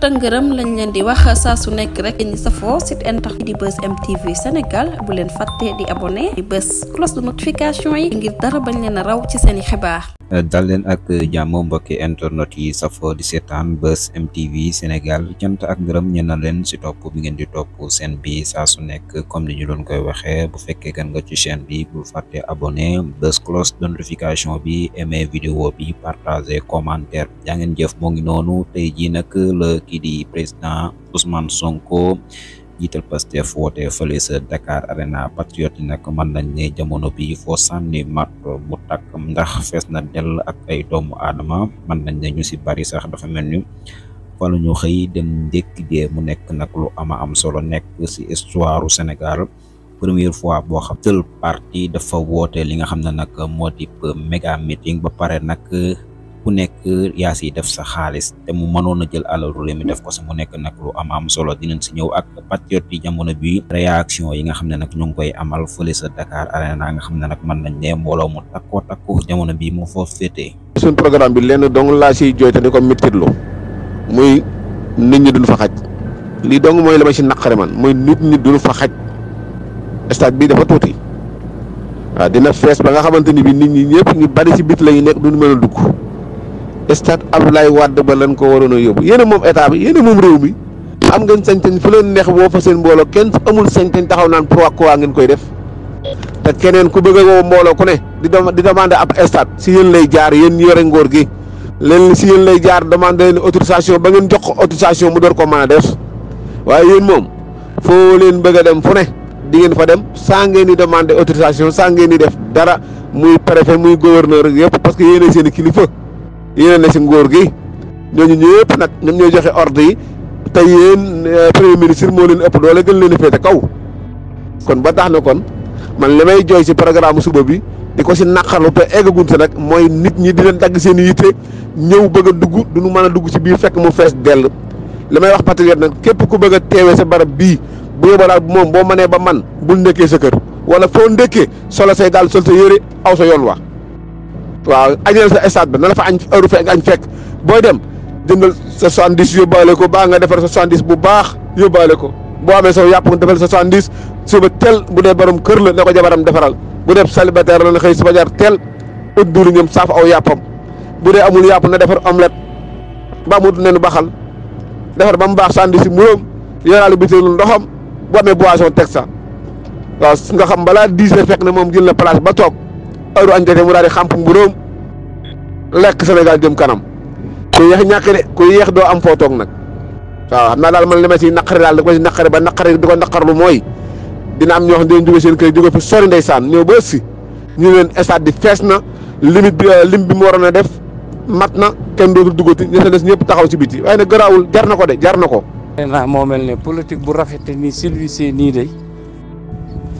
tëngërëm lañ leen di wax saa su nekk rek ñu safoo site internet di bës MTV Sénégal bu leen fàtte di abonné di bës cloche de notification yi ngir dara bañ leen a raw ci seen i xibaar. dal leen ak jàmm mbokki internet yi safoo di seetaan bës MTV Sénégal cant ak ngërëm ñu na leen si topp bi ngeen di topp seen bi saa su nekk comme ni ñu doon koy waxee bu fekkee kan nga ci chaîne bi bul fàtte abonné bës cloche de notification bi aimé vidéo bi partagé commentaire ngeen jëf moo noonu tey jii nag la. di président Ousmane Sonko jiital Pastef woote fële sa Dakar Arena patriote yi nag mën nañ ne jamono bi fo sanni mat mu tak ndax fess na del ak ay doomu adama man nañ né ñu ci bari sax dafa melni ni ñu xey dem ndékki dé mu nekk nak lu ama am solo nek ci histoire Sénégal première fois bo xam tël parti dafa woté li nga xam nak méga meeting ba paré nak bu nekk yaa yi def sa xaalis te mu mënoon a jël alal réew mi def ko sa mu nekk nag lu am am solo dinañ si ñëw ak patriote yi jamono bi réaction yi nga xam ne nag ñu ngi koy amal fële sa Dakar Arena xam ne nag mën nañ ne mbooloo mu takkoo takku jamono bi moo foofu féetee. suñ programme bi leen dong laa siy jooyte di ko méttitlu muy nit ñi duñ fa xaj lii dong mooy la ma si naqare man muy nit ñi duñ fa xaj stade bi dafa tuuti waaw dina fees ba nga xamante ni bi nit ñi ñëpp ñu bari si bit la ñu nekk mën a dugg. stade ablay wad ba lan ko warono yob yene mom a état bi yene mom rew mi am ngeen sañ fu len neex bo fa seen mbooloo kenn amul sañ-sañ taxaw naan pourquoi quoi ngeen koy def te kenen ku beug wo mbolo ku ne di di demander ap stade si yeen lay jaar yeen yore ngor gi len si yeen lay jaar demander len autorisation ba ngeen jox autorisation mu dor ko man def waye yeen mom fo len beug dem fu ne di ngeen fa dem sa ngeen ni demander autorisation sa ngeen ni def dara muy préfet muy gouverneur yëpp parce que yéen seen kilifa yéen ne si nguur gi ñooñu ñëpp nag ñoom ñoo joxe ordre yi te yéen eh, premier ministre moo leen ëpp doole gën leen a kaw kon ba tax na kon man li may jooy si programme suba bi di ko si naqarlu te eggagun sa nag mooy nit ñi di leen dagg seen yitte ñëw bëgg a dugg du nu mën a dugg si biir fekk mu fees dell li may wax patriot nag képp ku bëgg a teewee sa barab bii bu yóbbalaat moom boo mënee ba man bul nekkee sa kër wala foo ndekkee solo say dal sol sa yére aw sa yoon wax waaw añal sa stade ba na la fa añ heure fekk añ fekk booy dem jëndal sa 70 yóbbaale ko baa nga defar sa 70 bu baax yóbbaale ko boo amee sa yàpp nga defal sa 70 suba teel bu dee borom kër la na ko jabaram defaral bu dee célibataire la na xëy suba jar teel ut duuru ñoom saaf aw yàppam bu dee amul yàpp na defar omelette ba amut nenu baxal defar ba mu baax 70 yi muróom yoraale bitéelu ndoxam bu amee boisson teg sa waaw nga xam balaa 10 heures fekk na moom jël la place ba toog heure añ jotee mu daal di xàmp mburóom lekk Sénégal jëm kanam ku yéex ñàkk de ku yéex doo am foo toog nag waaw xam naa daal man li ma si naqari daal da ko si naqari ba naqari di ko naqarlu mooy dina am ñoox xam ne dañu jóge seen kër jóge fi sori ndeysaan ñëw ba si ñu leen stade di fees na limite bi euh, lim mu waroon a def mat na kenn dootul duggati ña sa des ñëpp taxaw ci biti waaye nag garaawul jar na ko de jar na ko. naa moo mel ne politique bu rafete ni celui-ci nii de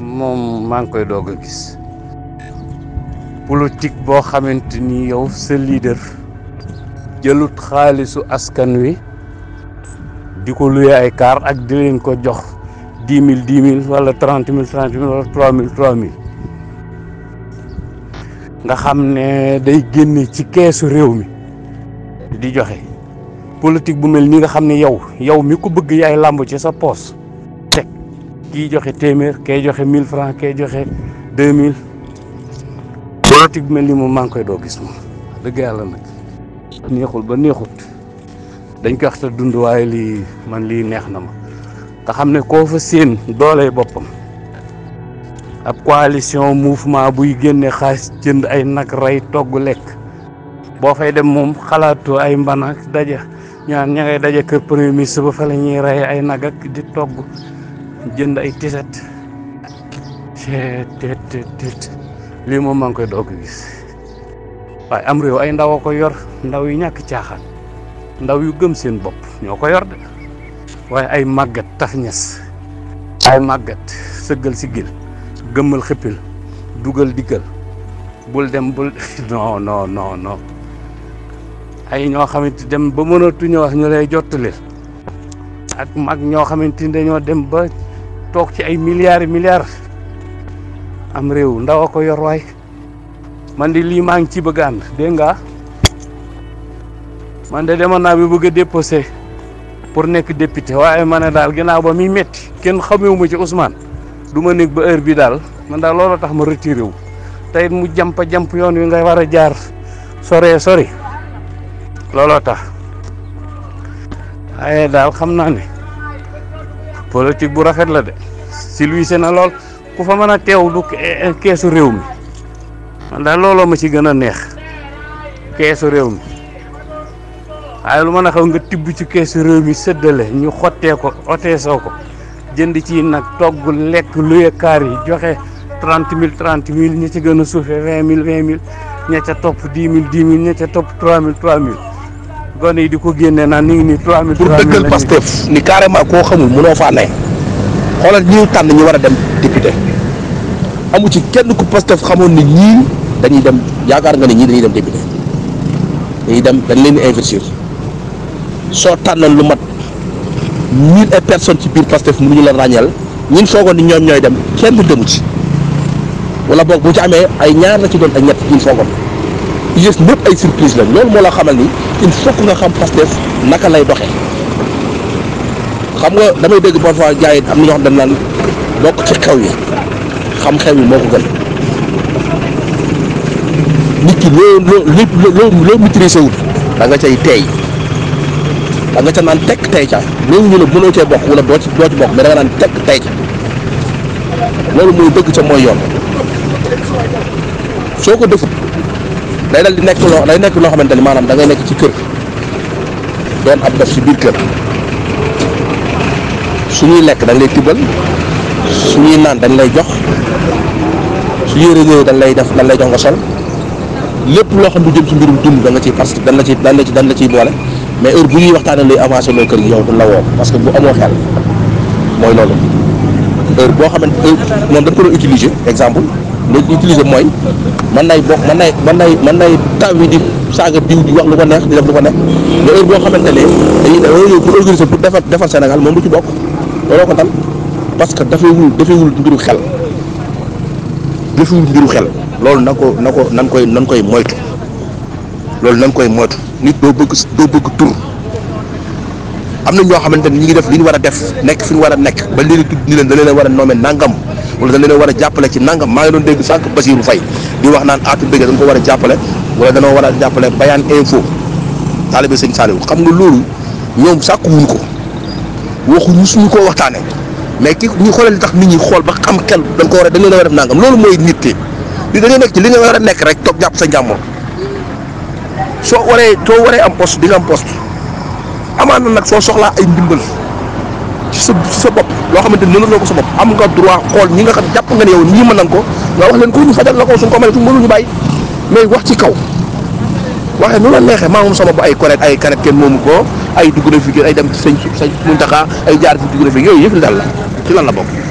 moom maa ngi koy doog a gis. politique boo xamante ni yow sa leader jëlut xaalisu askan wi di ko luye ay kaar ak di leen ko jox dix mille dix mille wala trent mille trente mille wala trois mille trois nga xam ne day génne ci keesu réew mi di joxe politique bu mel ni nga xam ne yow yow mi ko bëgg yaay làmb ci sa poos teg kii joxe téeméer kay joxe mille francs kay joxe deux mille politique bi mel ni moom maa ngi koy doo gis moom dëgg yàlla nag neexul ba neexut dañ koy wax te dund waaye lii man lii neex na ma nga xam ne koo fa séen dooley boppam ab coalition mouvement buy génne xaalis jënd ay nag rey togg lekk boo fay dem moom xalaatoo ay mbana daje ñaan ña ngay kër premier ministre ba fa la ñuy rey ay nag ak di togg jënd ay tiset tet li mom mang koy dog gis way am rew ay ndaw ko yor ndaw yi ñak caaxaan ndaw yu gëm seen bop ñoko yor de way ay magat tax ñess ay seugal ci gil gëmmal xepil dugal digal bul dem bul non non non non ay ño xamanteni dem ba mënatuñu wax ñu lay jotale ak mag ño xamanteni dañu dem ba tok ci ay milliards milliards am rew ndaw ko yor way man di li mande ngi ci bëgg de nga man de dem na bi beug déposer pour nek député waye ma dal ginaaw ba mi metti ken xamewuma ci Ousmane duma nek ba heure bi dal man lolo tax ma retiré wu tay mu jampa jamp yoon wi ngay wara jaar sore sore lolo tax ay dal xamna ni politique bu rafet la de lui c'est na lolo ku fa mën a teew du eh, eh, keesu réew mi man daal looloo ma ci gën a neex keesu réew mi waaye lu mën a xaw nga tibb ci keesu réew mi sëddale ñu xottee ko oteesoo ko jënd ci nag togg lekk luye kaar yi joxe trente mille trente mille ña ci gën a suufe vingt mille vingt mille ña ca topp dix mille dix mille ña ca topp trois mille trois mille gone yi di ko génne naan ni ngi nii trois mille pour dëggal Pastef ni carrément koo xamul mënoo faa ne xoolal ñiw tànn ñu war a dem député amu ci kenn ku Pastef xamoon ni ñii dañuy dem yaakaar nga ne ñii dañuy dem député dañuy dem dañ leen di investir soo tànnoon lu mat mille et personnes ci biir Pastef ñu la ràññeel ñun foogoon ni ñoom ñooy dem kenn demu ci wala boog bu ci amee ay ñaar la ci doon ak ñett ñun foogoon yées ñëpp ay surprise la loolu moo la xamal ni il faut nga xam Pastef naka lay doxee xam nga damay dégg parfois gars yi am na ñoo xam dañ naan bokk ci xew yi. xam xew yi moko gën nit ki lo lo lépp lo loo maîtriser wul da nga cey tay da nga ca nan tek tay ca lo ñu la mënoo cey bok wala do ci doo ci bokk mais da nga nan tek tay ca lolu moy bëgg ca moy yoon soko def day dal di nek lo day nek lo xamanteni manam da ngay nek ci kër doon ab def ci biir kër su lek lekk dañ lay tibbal su ñuy naan dañ lay jox su yére ñëwee dañ lay def dañ lay jox nga sol lépp loo xam du jëm ci mbirum dund da nga ciy parce que dañ la ci dañ la ci dañ la ciy boole mais heure bu ñuy waxtaanee luy avancé loo kër gi yow du la woo parce que bu amoo xel mooy loolu heure boo xamante moom dañ ko doon utiliser exemple lu utiliser mooy man nay man nay man nay man nay taw yi di saaga di wax lu ko neex di def lu ko neex mais heure boo xamante ne dañuy dañoo ñëw pour organiser defar Sénégal moom du ci bokk looloo ko dal parce que dafewul dafewul mbiru xel. defuñu mbiru xel loolu na ko na ko nan koy nan koy moytu loolu nan koy moytu nit doo bëgg doo bëgg tur am na ñoo xamante ni ñu ngi def li ñu war a def nekk fi ñu war a nekk ba leen tudd ni leen da leen war a noome nangam wala da leen a war a jàppale ci nangam maa ngi doon dégg sànq Basirou Faye di wax naan aatu bëgg dañ ko war a jàppale wala danoo war a jàppale Bayane Info taalibe sëñ Saliou xam nga loolu ñoom sàkkuwuñ ko waxuñu suñu ko waxtaanee. mais ki ñu xolal tax nit ñi xol ba xam kan dañ ko wara dañ la wara nangam loolu moy nit ki di da ngay nek ci li nga wara nek rek tok japp sa jamm so waré to waré am poste di nga am poste amana nak so soxla ay ndimbal ci sa ci sa bop lo xamanteni non lako sa bop am nga droit xol ñi nga xam japp nga ne yow ni man nang ko nga wax leen ko ñu fajal lako suñ ko mané ñu bay mais wax ci kaw waxee nu la neexee maa moom sama ba ay correct ay correct kenn moomu ko ay dugg na fi ay dem ci sëñ sëñ Muntaxa ay jaar fi dugg na fi yooyu yëpp li dal la ci lan la bokk